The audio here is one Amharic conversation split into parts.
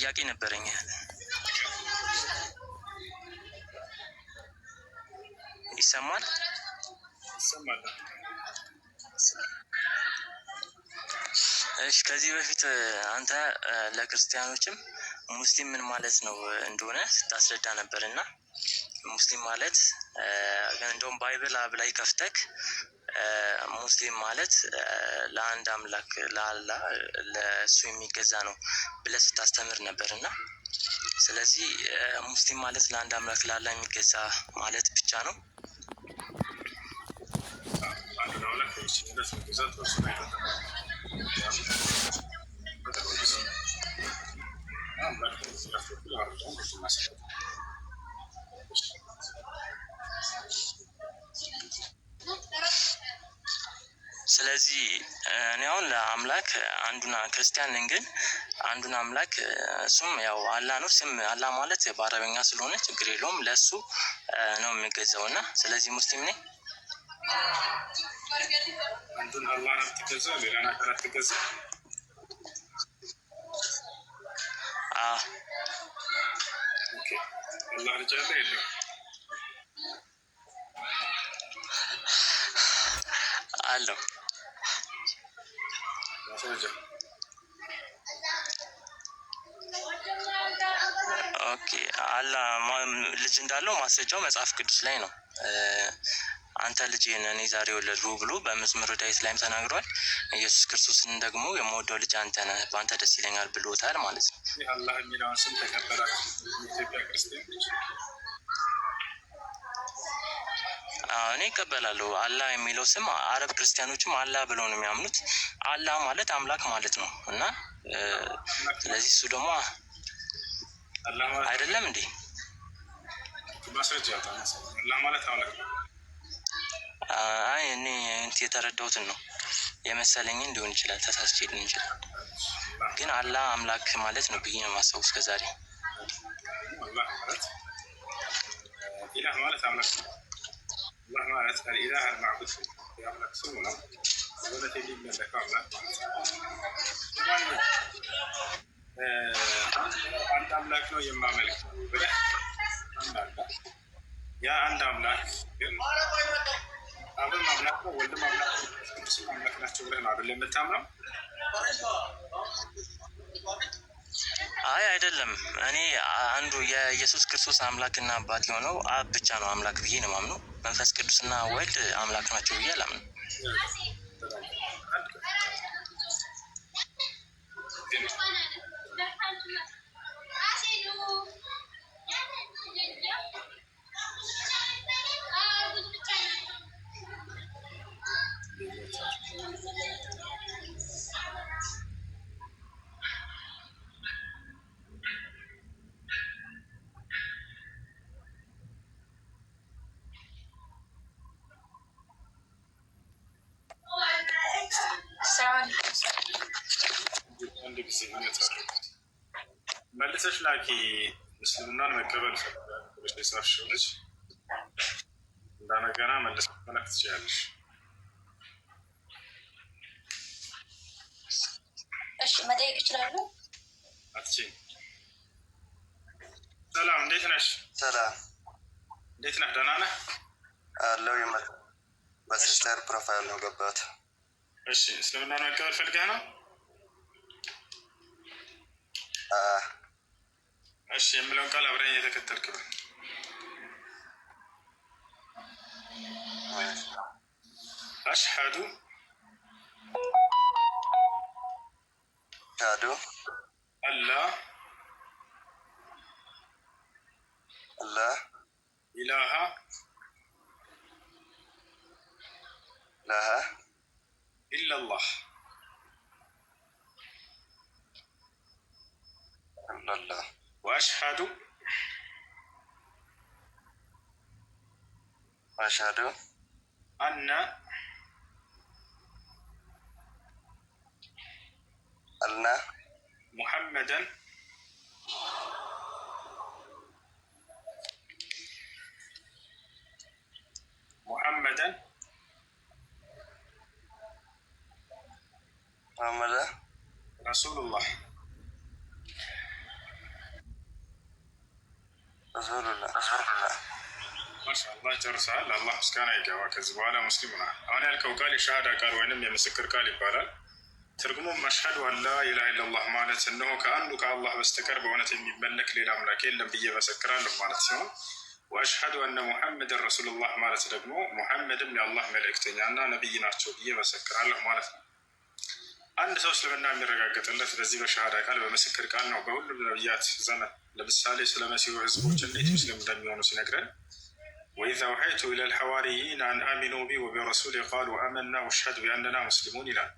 ጥያቄ ነበረኝ። ይሰማል? እሺ፣ ከዚህ በፊት አንተ ለክርስቲያኖችም ሙስሊም ምን ማለት ነው እንደሆነ ስታስረዳ ነበር እና ሙስሊም ማለት እንደውም ባይብል አብ ላይ ከፍተክ ሙስሊም ማለት ለአንድ አምላክ ለአላ ለእሱ የሚገዛ ነው ብለህ ስታስተምር ነበር እና ስለዚህ ሙስሊም ማለት ለአንድ አምላክ ለአላ የሚገዛ ማለት ብቻ ነው። ስለዚህ እኔ አሁን አምላክ አንዱና ክርስቲያንን ግን አንዱን አምላክ እሱም ያው አላ ነው። ስም አላ ማለት በአረበኛ ስለሆነ ችግር የለውም ለእሱ ነው የሚገዛው እና ስለዚህ ሙስሊም ነኝ። አንዱን አላ ትገዛ ሌላ ነገር አለው ኦኬ አላ ልጅ እንዳለው ማስረጃው መጽሐፍ ቅዱስ ላይ ነው። አንተ ልጄ እኔ ዛሬ ወለድሁ ብሎ በመዝሙረ ዳዊት ላይም ተናግሯል። ኢየሱስ ክርስቶስን ደግሞ የምወደው ልጅ አንተ ነህ፣ በአንተ ደስ ይለኛል ብሎታል ማለት ነው። እኔ ይቀበላሉ። አላህ የሚለው ስም አረብ ክርስቲያኖችም አላህ ብለው ነው የሚያምኑት። አላህ ማለት አምላክ ማለት ነው እና ስለዚህ እሱ ደግሞ አይደለም እንዴ አይ እኔ የተረዳሁትን ነው የመሰለኝ እንዲሆን ይችላል፣ ተሳስቼ ሊሆን ይችላል። ግን አላህ አምላክ ማለት ነው ብዬ ነው የማስበው እስከዛሬ ማለት አልማዕቡድ የአምላክ ስሙ ነው። በእውነት አምላክ ማለት አንድ አምላክ ነው የማመልክ ያ አንድ አምላክ ግን አብም አምላክ ነው፣ ወልድም አምላክ አምላክ ናቸው ብለህ ነው አይደል የምታምነው? አይ አይደለም። እኔ አንዱ የኢየሱስ ክርስቶስ አምላክና አባት የሆነው አብ ብቻ ነው አምላክ ብዬ ነው ማምነው። መንፈስ ቅዱስና ወልድ አምላክ ናቸው ብዬ አላምንም። ላኪ እስልምናን መቀበል ብለሽ ልጅ እንዳነገና መለስ መላክ ትችላለች። እሺ መጠየቅ ይችላሉ። ሰላም፣ እንዴት ነሽ? ሰላም፣ እንዴት ነህ? ደህና ነህ? አለው በሲስተር ፕሮፋይል ነው ገባት። እሺ፣ እስልምናን መቀበል ፈልገህ ነው? እሺ የምለውን ቃል አብረን እየተከተልክ ነው። አሽሀዱ አሽሀዱ አላ አላ ኢላሃ ኢላሃ ኢላላህ ኢላላህ وأشهد وأشهد أن أن محمدا محمدا محمدا رسول الله ማሻአላህ ጨርሰሃል። አላህ ምስጋና ይገባ። ከዚህ በኋላ ሙስሊም ሆናል። አሁን ያልከው ቃል የሻሃዳ ቃል ወይንም የምስክር ቃል ይባላል። ትርጉሙም አሽሀዱ አን ኢላሀ ኢለላህ ማለት እነሆ ከአንዱ ከአላህ በስተቀር በእውነት የሚመለክ ሌላ አምላክ የለም ብዬ መሰክራለሁ ማለት ሲሆን ወአሽሀዱ አነ ሙሐመድን ረሱሉላህ ማለት ደግሞ ሙሐመድም የአላህ መልእክተኛ እና ነቢይ ናቸው ብዬ መሰክራለሁ ማለት ነው። አንድ ሰው እስልምና የሚረጋገጥለት በዚህ በሻሃዳ ቃል በምስክር ቃል ነው። በሁሉም ነቢያት ዘመን ለምሳሌ ስለ መሲሁ ህዝቦች እንዴት ሙስሊም እንደሚሆኑ ሲነግረን ወኢዛ አውሐይቱ ኢለል ሐዋርይን አን አሚኑ ቢ ወቢረሱሊ ቃሉ አመና ወሽሀድ ቢአንና ሙስሊሙን ይላል።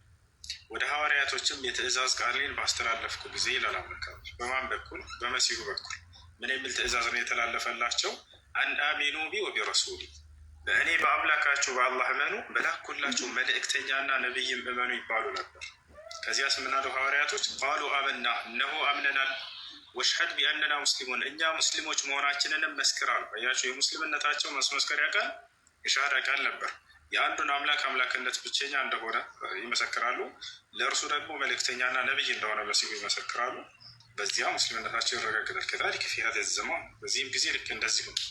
ወደ ሐዋርያቶችም የትእዛዝ ቃሌን ባስተላለፍኩ ጊዜ ይላል አምላክ። በማን በኩል? በመሲሁ በኩል። ምን የሚል ትእዛዝ ነው የተላለፈላቸው? አን አሚኑ ቢ ወቢረሱሊ በእኔ በአምላካችሁ በአላህ እመኑ፣ በላኩላችሁ መልእክተኛና ነቢይም እመኑ ይባሉ ነበር። ከዚያስ የምናሉ ሐዋርያቶች ቃሉ አመና እነሆ አምነናል፣ ወሽሐድ ቢአንና ሙስሊሙን እኛ ሙስሊሞች መሆናችንንም መስክራል። አያቸው የሙስሊምነታቸው መስመስከሪያ ቃል የሻሃዳ ቃል ነበር። የአንዱን አምላክ አምላክነት ብቸኛ እንደሆነ ይመሰክራሉ። ለእርሱ ደግሞ መልእክተኛና ነቢይ እንደሆነ በሲሁ ይመሰክራሉ። በዚያ ሙስሊምነታቸው ይረጋግጣል። ከታሪክ ፊ ሃዛ ዘማን በዚህም ጊዜ ልክ እንደዚሁ ነው።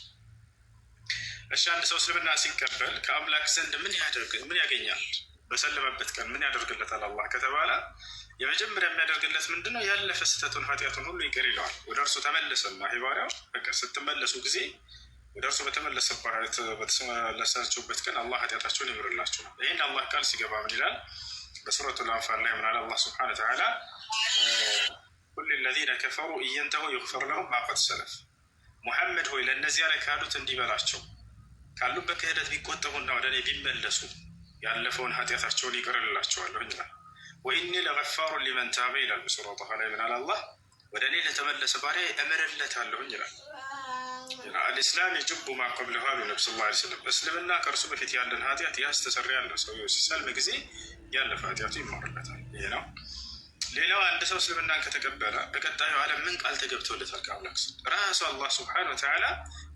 እሺ አንድ ሰው እስልምና ሲቀበል ከአምላክ ዘንድ ምን ምን ያገኛል? በሰለመበት ቀን ምን ያደርግለታል አላህ ከተባለ የመጀመሪያ የሚያደርግለት ምንድነው? ያለፈ ስህተቱን ኃጢአቱን ሁሉ ይቅር ይለዋል። ወደ እርሱ ተመለሰና ባሪያዎች በቃ ስትመለሱ ጊዜ ወደ እርሱ በተመለሰችሁበት ቀን አላህ ኃጢአታቸውን ይምርላችሁ ይህን አላህ ቃል ሲገባ ምን ይላል? በሱረቱ አንፋል ላይ ምናል አላህ ስብሐነ ተዓላ ኩል ለዚነ ከፈሩ እየንተሁ ይግፈር ለሁም ማ ሰለፍ፣ ሙሐመድ ሆይ ለእነዚያ ለካዱት እንዲበላቸው ካሉበት ክህደት ቢቆጠቡና ወደ እኔ ቢመለሱ ያለፈውን ኃጢአታቸውን ይቅርልላቸዋለሁ ይላል። ወኢኒ ለገፋሩ ሊመን ታበ ይላል። ሱረጣ ላይ ምናል አላህ ወደ እኔ ለተመለሰ ባሪያ እምርለታለሁኝ ይላል። አልእስላም የጅቡ ማቀብለሃ ነብ ስ ላ ስለም እስልምና ከእርሱ በፊት ያለን ኃጢአት ያስተሰሪ ያለ ሰው ሲሰልም ጊዜ ያለፈ ኃጢአቱ ይማርለታል። ይህ ነው። ሌላው አንድ ሰው እስልምናን ከተቀበለ በቀጣዩ ዓለም ምን ቃል ተገብቶለታል ከአምላክ ራሱ አላህ ስብሓን ወተዓላ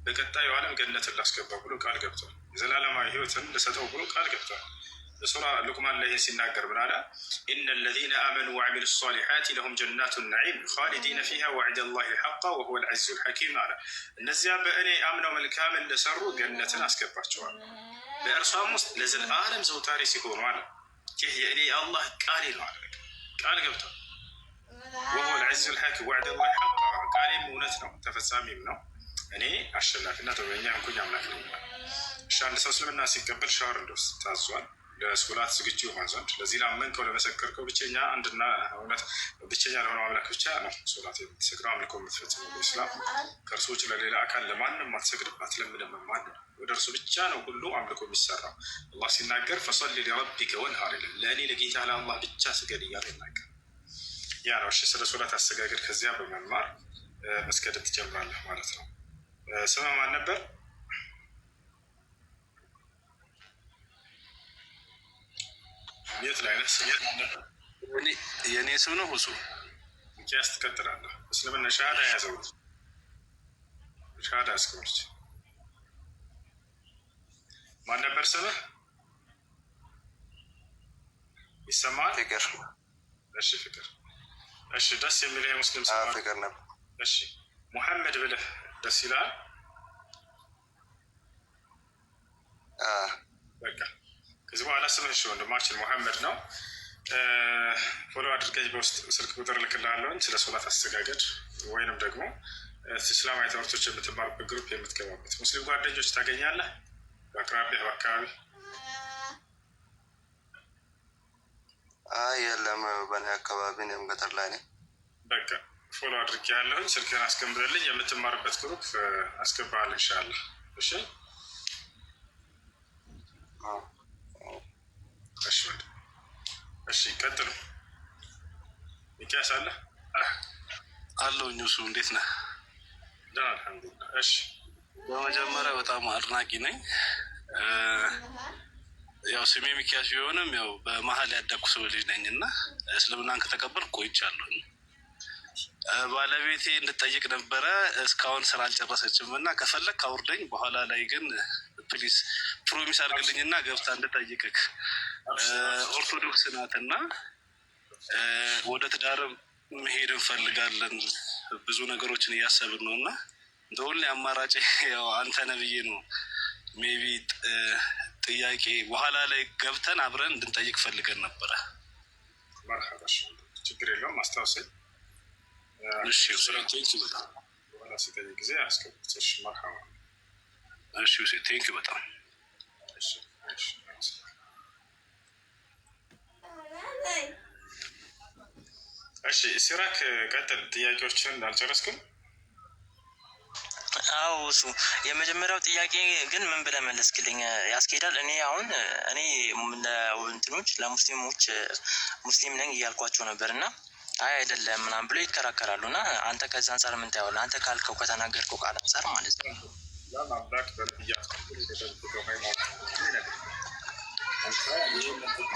በቀጣዩ ዓለም ገነትን ላስገባ ብሎ ቃል ገብቷል። የዘላለማዊ ህይወትን ልሰጠው ብሎ ቃል ገብቷል። በሱራ ሉቅማን ላይ ሲናገር ምን አለ? ኢነ ለዚነ አመኑ ወዐሚሉ ሷሊሓት ለሁም ጀናቱ ናዒም ኻሊዲነ ፊሃ ወዕደ ላሂ ሐቃ ወሁወ ልዐዚዙ ልሐኪም አለ። እነዚያ በእኔ አምነው መልካምን ለሰሩ ገነትን አስገባቸዋል፣ በእርሷም ውስጥ ለዘለዓለም ዘውታሪ ሲሆኑ አለ። ይህ የእኔ የአላህ ቃል ነው አለ። ቃል ገብቷል። ወሁወ ልዐዚዙ ልሐኪም ወዕደ ላሂ ሐቃ ቃሌም እውነት ነው ተፈጻሚም ነው። እኔ አሸናፊና ጥበበኛ እንኩኝ አምላክ ነኝ። እሺ አንድ ሰው እስልምና ሲቀበል ሻወር እንዲወስድ ታዟል። ለሶላት ዝግጁ ይሆን ዘንድ ለዚህ ላመንከው ለመሰከርከው ብቸኛ አንድና እውነት ብቸኛ ለሆነ አምላክ ብቻ ነው ሶላት የምትሰግደው አምልኮ የምትፈጽመው። ኢስላም ከእርሱ ውጭ ለሌላ አካል ለማንም አትሰግድም፣ አትለምንም። ማን ወደ እርሱ ብቻ ነው ሁሉ አምልኮ የሚሰራው። አላህ ሲናገር ፈሰሊ ሊረቢከ ወንሐር ይላል። ለእኔ ለጌታ ለአላህ ብቻ ስገድ እያለ ይናገር። ያ ነው ስለ ሶላት አሰጋገድ። ከዚያ በመማር መስገድ ትጀምራለህ ማለት ነው። ስም ማን ነበር? የት ላይ ነህ? የት ነበር? የእኔ ስም ነው ሁሱ ሚኪያስ። ትቀጥላለህ። እስልምና ሻሃዳ የያዘው ሻሃዳ እስከሆነች ማን ነበር ስምህ? ይሰማል? ፍቅር። እሺ ፍቅር። እሺ ደስ የሚል የሙስሊም ስም ፍቅር ነበር። እሺ ሙሐመድ ብለህ ደስ ይላል። በቃ ከዚህ በኋላ ስምህሽ ወንድማችን መሐመድ ነው። ፎሎ አድርገኝ። በውስጥ ስልክ ቁጥር ልክላለሁኝ ስለ ሶላት አስተጋገድ ወይንም ደግሞ እስላማዊ ትምህርቶች የምትማሩበት ግሩፕ የምትገባበት ሙስሊም ጓደኞች ታገኛለህ በአቅራቢያ በአካባቢ የለም። በእኔ አካባቢ እኔም ገጠር ላይ ነኝ። በቃ ፎሎ አድርጌ ያለሁኝ ስልክህን አስገምርልኝ። የምትማርበት ግሩፕ አስገባሃል ኢንሻላህ። እሺ እሺ ቀጥሉ። ሚኪያስ አለ አለሁኝ። እሱ እንዴት ነህ? አልሐምዱሊላህ። እሺ በመጀመሪያ በጣም አድናቂ ነኝ። ያው ስሜ ሚኪያስ ቢሆንም ያው በመሀል ያደኩ ሰው ልጅ ነኝ እና እስልምናን ከተቀበል ቆይቻለሁኝ ባለቤቴ እንድጠይቅ ነበረ። እስካሁን ስራ አልጨረሰችም እና ከፈለግ ካውርደኝ በኋላ ላይ ግን ፕሊስ ፕሮሚስ እና ገብታ እንድጠይቅክ። ኦርቶዶክስ ናትና ወደ ትዳር መሄድ እንፈልጋለን። ብዙ ነገሮችን እያሰብን ነው እና እንደሁን ላይ አማራጭ ያው አንተ ነብዬ ነው። ሜቢ ጥያቄ በኋላ ላይ ገብተን አብረን እንድንጠይቅ ፈልገን ነበረ። ችግር የለውም አስታውሰኝ ጊዜ አስገቡት። እሺ መርሐባ። ቴንክ ዩ በጣም እሺ። ሲራክ ቀጥል፣ ጥያቄዎችን እንዳልጨረስክም። አዎ እሱ የመጀመሪያው ጥያቄ ግን ምን ብለህ መለስክልኝ ያስኬዳል። እኔ አሁን እኔ ለእንትኖች ለሙስሊሞች ሙስሊም ነኝ እያልኳቸው ነበር እና አይ አይደለም ምናምን ብሎ ይከራከራሉ። እና አንተ ከዚ አንጻር ምን ታየዋለህ? አንተ ካልከው ከተናገርከው ቃል አንጻር ማለት ነው።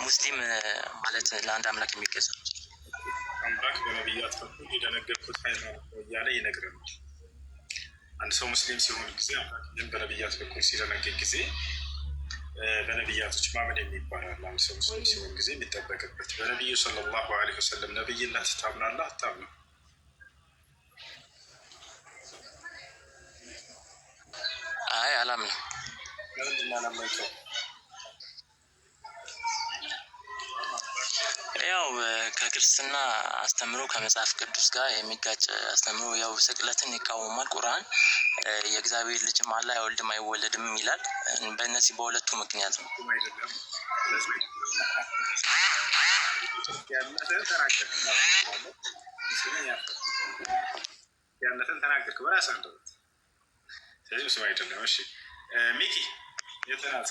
ሙስሊም ማለት ለአንድ አምላክ የሚገዛ አምላክ በነቢያት በኩል የደነገርኩት ሃይማኖት ነው እያለ ይነግረናል። አንድ ሰው ሙስሊም ሲሆን ጊዜ አምላክ ግን በነቢያት በኩል ሲደነግግ ጊዜ በነቢያቶች ማመን የሚባላል አንድ ሰው ሙስሊም ሲሆን ጊዜ የሚጠበቅበት በነቢዩ ሰለላሁ ዐለይሂ ወሰለም ነቢይነት ታምናለህ አታምነው? አይ አላምነው። ለምንድን ነው አላመንከው? ያው ከክርስትና አስተምሮ ከመጽሐፍ ቅዱስ ጋር የሚጋጭ አስተምሮ ያው ስቅለትን ይቃወማል። ቁርአን የእግዚአብሔር ልጅም አለ አይወልድም አይወለድም ይላል። በእነዚህ በሁለቱ ምክንያት ነው። ያለትን ተናገርክ በራስ አንተ ስለዚህ ምስም አይደለም። እሺ ሚኪ የተናጸ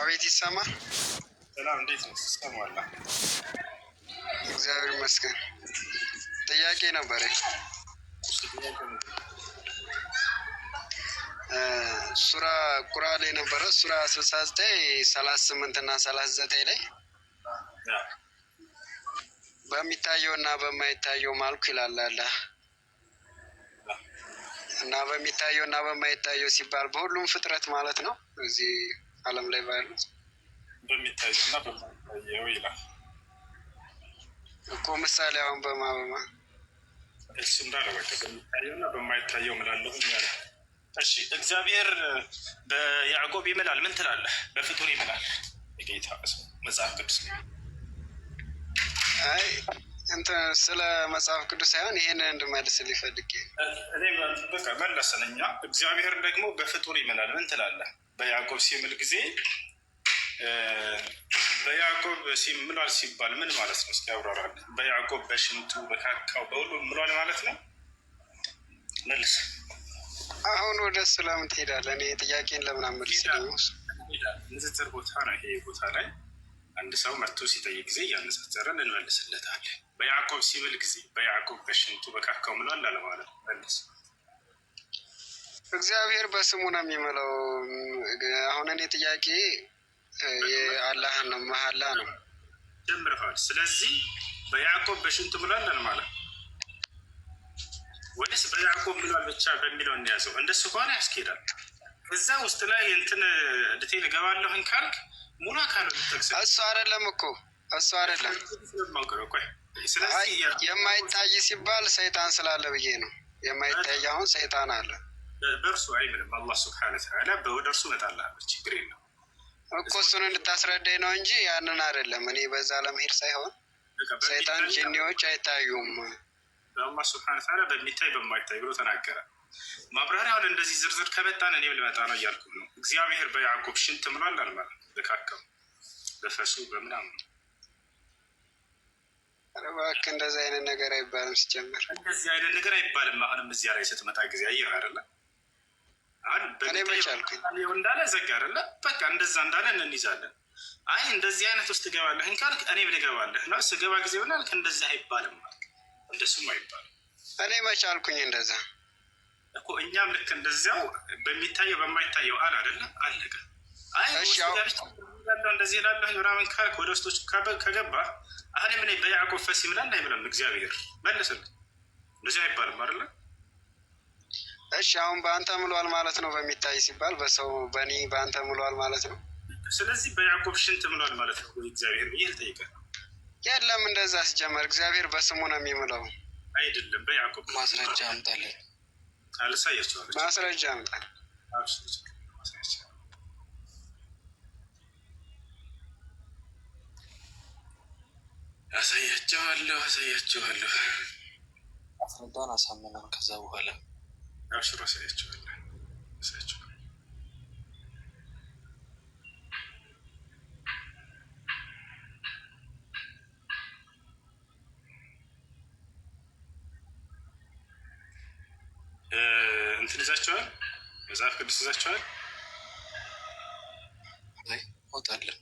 አቤት ይሰማ ሰላም እንዴት ነው? ትሰማላ? እግዚአብሔር ይመስገን። ጥያቄ ነበረ። ሱራ ቁራ ላይ ነበረ። ሱራ ስልሳ ዘጠኝ ሰላሳ ስምንት እና ሰላሳ ዘጠኝ ላይ በሚታየው እና በማይታየው ማልኩ ይላል አለ እና በሚታየው እና በማይታየው ሲባል በሁሉም ፍጥረት ማለት ነው እዚህ ዓለም ላይ ባሉት በሚታየውና በማይታየው ይላል እኮ ምሳሌ አሁን በማበማ እሱ እንዳለ በቃ በሚታየው በሚታየውና በማይታየው ምላለሁ ያለ። እሺ እግዚአብሔር በያዕቆብ ይምላል ምን ትላለህ? በፍጡር ይምላል የጌታ መጽሐፍ ቅዱስ አይ እንትን ስለ መጽሐፍ ቅዱስ ሳይሆን ይሄን እንድመልስ ሊፈልግ እኔ በቃ መለስን። እግዚአብሔር ደግሞ በፍጡር ይምላል ምን ትላለህ? በያዕቆብ ሲምል ጊዜ በያዕቆብ ምሏል ሲባል ምን ማለት ነው? እስኪ አብራራል። በያዕቆብ በሽንቱ በካካው በሁሉ ምሏል ማለት ነው። መልስ። አሁን ወደ እሱ ለምን ትሄዳለህ? እኔ ጥያቄን ለምን አመልስ ንጽጽር ቦታ ነው። ይሄ ቦታ ላይ አንድ ሰው መጥቶ ሲጠይቅ ጊዜ እያነጻጸረን እንመልስለታለን። በያዕቆብ ሲብል ጊዜ በያዕቆብ በሽንቱ በካካው ምሏል አለማለት መልስ። እግዚአብሔር በስሙ ነው የሚምለው። አሁን እኔ ጥያቄ የአላህን ነው መሀላ ነው ጀምረዋል። ስለዚህ በያዕቆብ በሽንት ብሏል አልማለት ወይስ በያዕቆብ ብሏል ብቻ በሚለው እንያዘው። እንደሱ ከሆነ ያስኬዳል። እዛ ውስጥ ላይ እንትን ዲቴል እገባለሁኝ ካልክ ሙሉ አካል ጠቅስ እሱ አይደለም እኮ እሱ አይደለም የማይታይ ሲባል ሰይጣን ስላለ ብዬ ነው። የማይታይ አሁን ሰይጣን አለ በእርሱ አይምንም። አላህ ስብሐነ ወተዓላ ወደ እርሱ እመጣላለሁ። ችግር የለውም። እኮ እሱን እንድታስረዳኝ ነው እንጂ ያንን አይደለም። እኔ በዛ ለመሄድ ሳይሆን ሰይጣን ጂኒዎች አይታዩም፣ በአላህ ስብሐነ ተዓላ በሚታይ በማይታይ ብሎ ተናገረ። ማብራሪያውን እንደዚህ ዝርዝር ከመጣን እኔም ልመጣ ነው እያልኩ ነው። እግዚአብሔር በያዕቆብ ሽንት ምሏል አልማል ልካከሙ በፈሱ በምናምን እባክህ እንደዚህ አይነት ነገር አይባልም። ሲጀምር እንደዚህ አይነት ነገር አይባልም። አሁንም እዚያ ላይ ስትመጣ ጊዜ አየህ አይደለም እንዳለ ዘጋ አለ በቃ እንደዛ እንዳለ እንይዛለን። አይ እንደዚህ አይነት ውስጥ ትገባለህ ካልክ እኔ ልገባለህ ነው ስገባ ጊዜ ብናልክ እንደዚህ አይባልም ማለት እንደሱም አይባልም። እኔ መቼ አልኩኝ እንደዛ እኮ እኛም ልክ እንደዚያው በሚታየው በማይታየው አል አደለ አለቀ። አይ እንደዚህ ላለ ምናምን ካልክ ወደ ውስጦች ከገባ አሁን ምን በያዕቆብ ፈሲ ምናምን አይብለም እግዚአብሔር መልስል እንደዚህ አይባልም አይደለም እሺ አሁን በአንተ ምሏል ማለት ነው በሚታይ ሲባል በሰው በእኔ በአንተ ምሏል ማለት ነው። ስለዚህ በያዕቆብ ሽንት ምሏል ማለት ነው። እግዚአብሔር ይህ ጠይቀ የለም እንደዛ ሲጀመር እግዚአብሔር በስሙ ነው የሚምለው አይደለም። በያዕቆብ ማስረጃ አምጣልኝ። አልሳያቸዋለሁ። ማስረጃ አምጣ። አሳያቸዋለሁ። አሳያቸዋለሁ። አስረዳን አሳምነን ከዛ በኋላ አብሽሮ ሳያቸዋለን ሳያቸው እንትን ይዛቸዋል፣ መጽሐፍ ቅዱስ ይዛቸዋል። አይ እወጣለሁ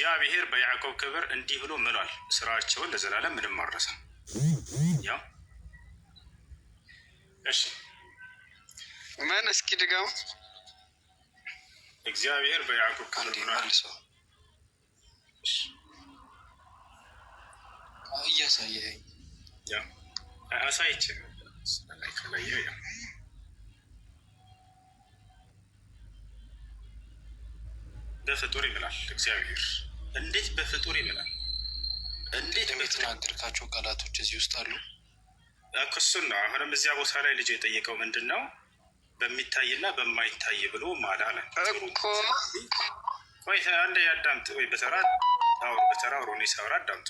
እግዚአብሔር በያዕቆብ ክብር እንዲህ ብሎ ምሏል፣ ስራቸውን ለዘላለም ምንም አረሰ። ያው እሺ፣ ምን እስኪ ድጋው እግዚአብሔር በያዕቆብ ክብር ምሏል። እያሳየኸኝ አሳይቼ በፍጡር ይምላል እግዚአብሔር እንዴት በፍጡር ይምላል? እንዴት የተናገርካቸው ቃላቶች እዚህ ውስጥ አሉ። እሱን ነው አሁንም እዚያ ቦታ ላይ ልጅ የጠየቀው ምንድን ነው በሚታይና በማይታይ ብሎ ማላ አለ ወይ አንድ ያዳምጥ ወይ በተራ አውሮ በተራ አውሮ እኔ ሳውራ አዳምጡ።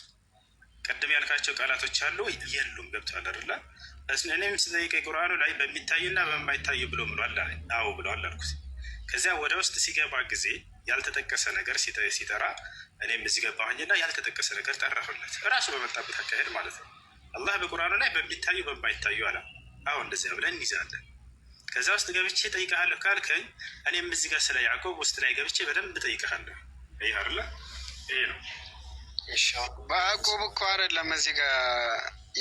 ቅድም ያልካቸው ቃላቶች አሉ የሉም ገብቶ አደርላ እኔም ስጠይቀ ቁርአኑ ላይ በሚታይና በማይታይ ብሎ ምሏል አለ። አዎ ብለዋል አልኩት። ከዚያ ወደ ውስጥ ሲገባ ጊዜ ያልተጠቀሰ ነገር ሲጠራ እኔም እዚህ ገባሁኝና ያልተጠቀሰ ነገር ጠራሁለት እራሱ በመጣበት አካሄድ ማለት ነው። አላህ በቁርአኑ ላይ በሚታዩ በማይታዩ አላ አሁን እንደዚያ ብለን እንይዛለን። ከዛ ውስጥ ገብቼ ጠይቀሃለሁ ካልከኝ እኔም እዚህ ጋር ስለ ያዕቆብ ውስጥ ላይ ገብቼ በደንብ ጠይቀሃለሁ። ይህ አለ ይሄ ነው በያዕቆብ እኮ አይደለም እዚህ ጋር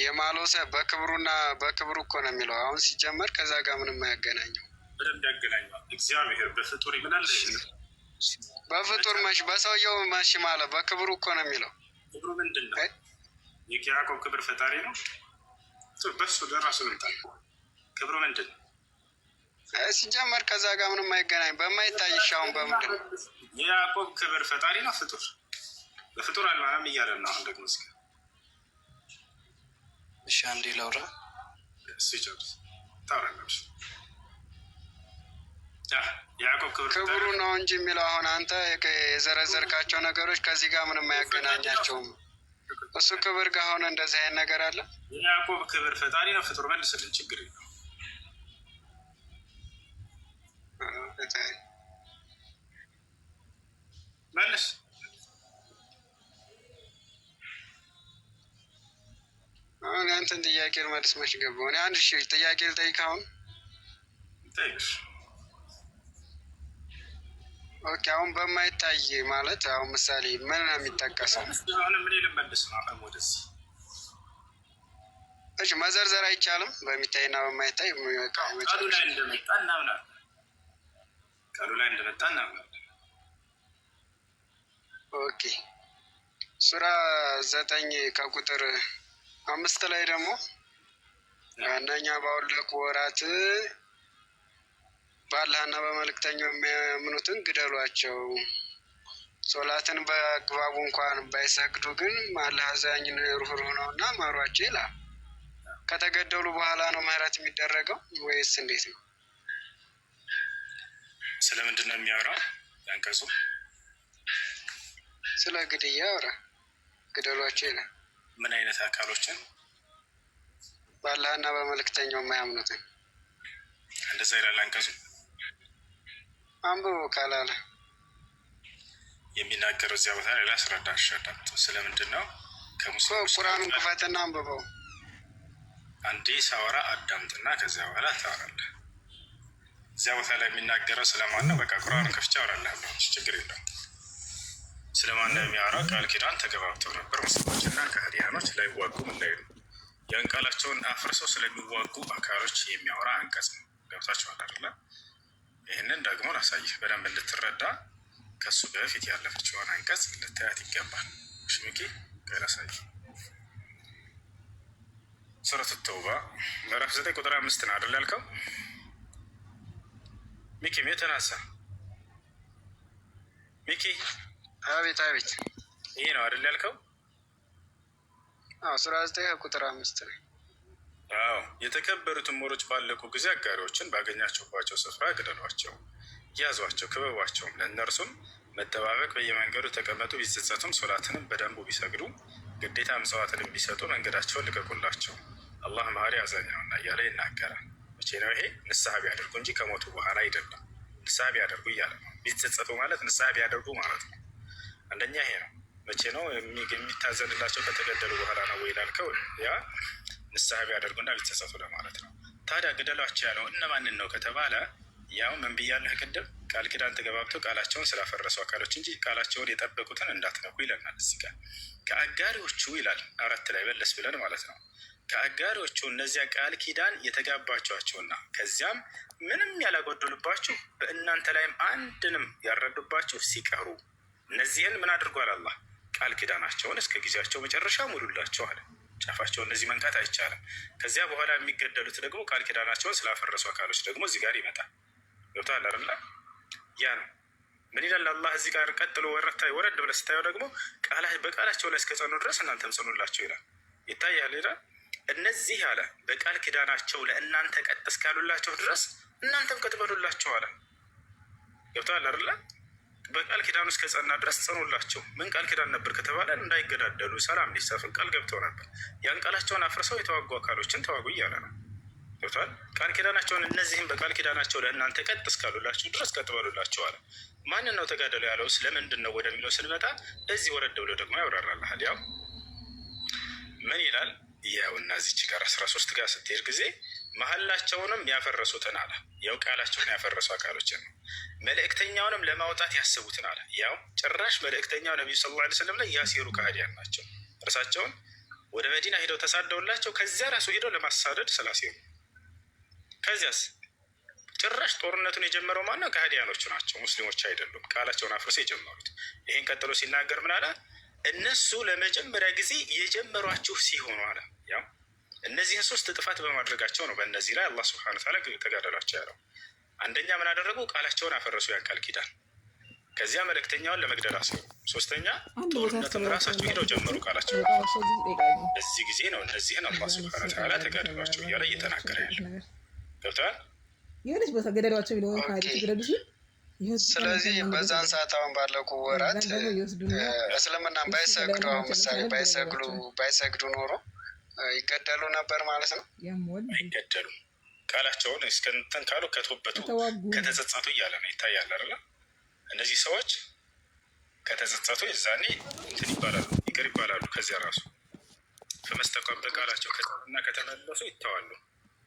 የማሎሰ በክብሩና በክብሩ እኮ ነው የሚለው። አሁን ሲጀመር ከዛ ጋር ምንም አያገናኘው። በደንብ ያገናኘዋል። እግዚአብሔር በፍጡር ይምናል በፍጡር መሽ በሰውየው መሽ ማለት በክብሩ እኮ ነው የሚለው። ክብሩ ምንድን ነው? የያዕቆብ ክብር ፈጣሪ ነው። በሱ ለራሱ ምጣል ክብሩ ምንድን ነው? ሲጀመር ከዛ ጋር ምንም አይገናኝ። በማይታይ ሻውን ነው? የያዕቆብ ክብር ፈጣሪ ነው። ፍጡር በፍጡር አልማለም እያለ ነው። አሁን ደግሞ እስኪ እሺ፣ አንዴ ላውራ። እሱ ይጨርስ ታውራለች ክብሩ ነው እንጂ የሚለው አሁን አንተ የዘረዘርካቸው ነገሮች ከዚህ ጋር ምንም አያገናኛቸውም። እሱ ክብር ጋር አሁን እንደዚህ አይነት ነገር አለ። የያዕቆብ ክብር ፈጣሪ ነው ፍጡር መልስልን ችግር መልስ አሁን አንተን ጥያቄ መልስ መች ገባሁ። አንድ ሺ ጥያቄ ልጠይቅ አሁን ኦኬ፣ አሁን በማይታይ ማለት አሁን ምሳሌ ምን ነው የሚጠቀሰው? ምን ልመልስ ነው እሺ መዘርዘር አይቻልም። በሚታይና በማይታይ ቃሉ ላይ እንደመጣ እናምናል። ቃሉ ላይ እንደመጣ እናምናል። ኦኬ፣ ሱራ ዘጠኝ ከቁጥር አምስት ላይ ደግሞ እነኛ ባወለቁ ወራት በአላህና በመልእክተኛው የሚያምኑትን ግደሏቸው። ሶላትን በአግባቡ እንኳን ባይሰግዱ ግን አላህ አዛኝ ሩህሩህ ነው እና ማሯቸው ይላል። ከተገደሉ በኋላ ነው ምህረት የሚደረገው ወይስ እንዴት ነው? ስለምንድን ነው የሚያወራው ያንቀጹ? ስለ ግድያ አውራ ግደሏቸው ይላል። ምን አይነት አካሎችን? በአላህና በመልእክተኛው የማያምኑትን። እንደዛ ይላል አንቀጹ። አንብቦ ካላለ የሚናገረው እዚያ ቦታ ላይ ላስረዳ አሻዳምጡ። ስለምንድን ነው ቁርአኑን ክፈትና አንብበው። አንዴ ሳወራ አዳምጥና ከዚያ በኋላ ታወራለ። እዚያ ቦታ ላይ የሚናገረው ስለማን ነው? በቃ ቁርአኑን ከፍቼ አወራለሁ። ችግር የለውም። ስለማን ነው የሚያወራው? ቃል ኪዳን ተገባብተው ነበር ሙስሊሞችና ከህዲያኖች ላይዋጉ ምንላይ ነው ያን ቃላቸውን አፍርሰው ስለሚዋጉ አካሎች የሚያወራ አንቀጽ ነው። ገብታችኋል አይደለ? ይህንን ደግሞ ላሳይህ በደንብ እንድትረዳ ከሱ በፊት ያለፈችውን አንቀጽ ልታያት ይገባል። ሽምኪ ቀላሳይ ሱረት ተውባ ምዕራፍ ዘጠኝ ቁጥር አምስት ነው አደል ያልከው? ሚኪ ተናሳ ሚኪ አቤት አቤት፣ ይሄ ነው አደል ያልከው? ሱራ ዘጠኝ ቁጥር አምስት ነው። አዎ የተከበሩትን ሞሮች ባለቁ ጊዜ አጋሪዎችን ባገኛቸውባቸው ስፍራ ግደሏቸው፣ ያዟቸው፣ ክበቧቸውም። ለእነርሱም መጠባበቅ በየመንገዱ ተቀመጡ። ቢጸጸቱም ሶላትንም በደንቡ ቢሰግዱ ግዴታ ምጽዋትንም ቢሰጡ መንገዳቸውን ልቀቁላቸው፣ አላህ መሐሪ አዛኝ እያለ ይናገራል። መቼ ነው ይሄ? ንስሐ ቢያደርጉ እንጂ ከሞቱ በኋላ አይደለም። ንስሐ ቢያደርጉ እያለ ነው። ቢጸጸቱ ማለት ንስሐ ቢያደርጉ ማለት ነው። አንደኛ ይሄ ነው። መቼ ነው የሚታዘንላቸው? ከተገደሉ በኋላ ነው ወይ ላልከው ያ ንስሐ ቢያደርጉና ቢተሰቱ ለማለት ነው። ታዲያ ግደሏቸው ያለው እነማንን ነው ከተባለ ያው ምን ብያለህ ቅድም ቃል ኪዳን ተገባብቶ ቃላቸውን ስላፈረሱ አካሎች እንጂ ቃላቸውን የጠበቁትን እንዳትነኩ ይለናል። እዚህ ጋር ከአጋሪዎቹ ይላል አራት ላይ መለስ ብለን ማለት ነው። ከአጋሪዎቹ እነዚያ ቃል ኪዳን የተጋባቸዋቸውና ከዚያም ምንም ያላጎደሉባችሁ በእናንተ ላይም አንድንም ያረዱባችሁ ሲቀሩ እነዚህን ምን አድርጓል አላህ ቃል ኪዳናቸውን እስከ ጊዜያቸው መጨረሻ ሙሉላቸው አለ። ጫፋቸው እነዚህ መንካት አይቻልም። ከዚያ በኋላ የሚገደሉት ደግሞ ቃል ኪዳናቸውን ስላፈረሱ አካሎች ደግሞ እዚህ ጋር ይመጣል። ገብቷል አይደለ? ያ ነው ምን ይላል አላህ እዚህ ጋር ቀጥሎ ወረታ ወረድ ብለህ ስታየው ደግሞ በቃላቸው ላይ እስከጸኑ ድረስ እናንተም ጽኑላቸው ይላል። ይታያል ይላል እነዚህ አለ በቃል ኪዳናቸው ለእናንተ ቀጥ እስካሉላቸው ድረስ እናንተም ቀጥበሉላቸው አለ። ገብቷል አይደለ? በቃል ኪዳን ውስጥ ከጸና ድረስ ጸኖላቸው። ምን ቃል ኪዳን ነበር ከተባለ እንዳይገዳደሉ ሰላም ሊሰፍን ቃል ገብተው ነበር። ያን ቃላቸውን አፍርሰው የተዋጉ አካሎችን ተዋጉ እያለ ነው ገብቷል። ቃል ኪዳናቸውን እነዚህም በቃል ኪዳናቸው ለእናንተ ቀጥ እስካሉላችሁ ድረስ ቀጥ በሉላቸው አለ። ማንን ነው ተጋደሉ ያለው? ስለምንድን ነው ወደሚለው ስንመጣ እዚህ ወረድ ብሎ ደግሞ ያብራራልሃል። ያው ምን ይላል? ያው እናዚች ጋር አስራ ሶስት ጋር ስትሄድ ጊዜ መሀላቸውንም ያፈረሱትን አለ ያው ቃላቸውን ያፈረሱ አካሎችን ነው። መልእክተኛውንም ለማውጣት ያስቡትን አለ ያው ጭራሽ መልእክተኛው ነቢዩ ሰለላሁ ዐለይሂ ወሰለም ላይ ያሴሩ ከሃዲያን ናቸው። እርሳቸውን ወደ መዲና ሄደው ተሳደውላቸው ከዚያ ራሱ ሄደው ለማሳደድ ስላሴሩ። ከዚያስ ጭራሽ ጦርነቱን የጀመረው ማነው? ከሃዲያኖቹ ናቸው፣ ሙስሊሞች አይደሉም። ቃላቸውን አፍርሰው የጀመሩት። ይህን ቀጥሎ ሲናገር ምን አለ? እነሱ ለመጀመሪያ ጊዜ የጀመሯችሁ ሲሆኑ አለ ያው እነዚህን ሶስት ጥፋት በማድረጋቸው ነው በእነዚህ ላይ አላህ ስብሐነ ወተዓላ ተጋደሏቸው ያለው። አንደኛ ምን አደረጉ? ቃላቸውን አፈረሱ፣ ያን ቃል ኪዳን። ከዚያ መልእክተኛውን ለመግደል አሰሩ። ሶስተኛ ጦርነትን ራሳቸው ሄደው ጀመሩ ቃላቸው። በዚህ ጊዜ ነው እነዚህን አላህ ስብሐነ ወተዓላ ተጋደሏቸው እያለ እየተናገረ ያለ ገብተዋል። የሆነች ቦታ ገደሏቸው ስለዚህ በዛን ሰዓት አሁን ባለቁ ወራት እስልምናን ባይሰግዱ አሁን ምሳሌ ባይሰግዱ ኖሮ ይገደሉ ነበር ማለት ነው። አይገደሉም ቃላቸውን እስከንትን ካሉ ከተወበቱ ከተጸጸቱ እያለ ነው ይታያል አለ እነዚህ ሰዎች ከተጸጸቱ የዛኔ እንትን ይባላሉ፣ ይቅር ይባላሉ። ከዚያ ራሱ በመስተቋም በቃላቸው እና ከተመለሱ ይተዋሉ።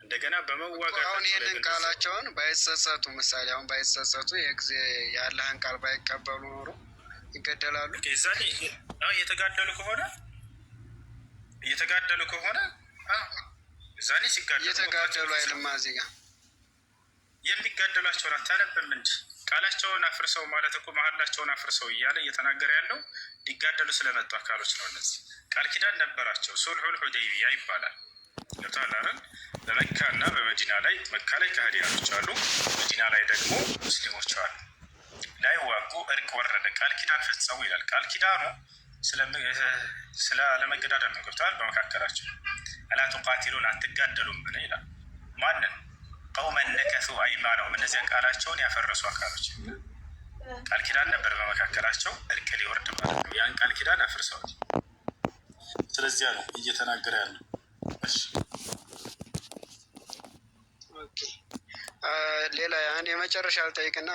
እንደገና በመዋጋት አሁን ይህንን ቃላቸውን ባይጸጸቱ፣ ምሳሌ አሁን ባይጸጸቱ የጊዜ ያለህን ቃል ባይቀበሉ ኖሮ ይገደላሉ። ዛኔ እየተጋደሉ ከሆነ እየተጋደሉ ከሆነ እዛኔ ሲጋደሉ እየተጋደሉ አይልማ ዜጋ የሚጋደሏቸውን አታነብም እንጂ ቃላቸውን አፍርሰው ማለት እኮ መሀላቸውን አፍርሰው እያለ እየተናገረ ያለው ሊጋደሉ ስለመጡ አካሎች ነው። እነዚህ ቃል ኪዳን ነበራቸው። ሱልሑል ሁደይቢያ ይባላል። ለታላርን በመካ እና በመዲና ላይ መካ ላይ ካህዲያኖች አሉ፣ መዲና ላይ ደግሞ ሙስሊሞች አሉ። ላይ ዋጉ፣ እርቅ ወረደ፣ ቃል ኪዳን ፈጸሙ ይላል ቃል ኪዳኑ ስለ አለመገዳደር ነው። ገብተዋል። በመካከላቸው አላ ቱቃቲሉን አትጋደሉም ምን ይላል? ማንን ቀውመን ነከሱ አይማነሁም እነዚያን ቃላቸውን ያፈረሱ አካሎች ቃል ኪዳን ነበር በመካከላቸው እርቅ ሊወርድ ማለት ነው። ያን ቃል ኪዳን አፍርሰዋል። ስለዚህ ያለ እየተናገረ ያለው። ሌላ ያን የመጨረሻ አልጠይቅና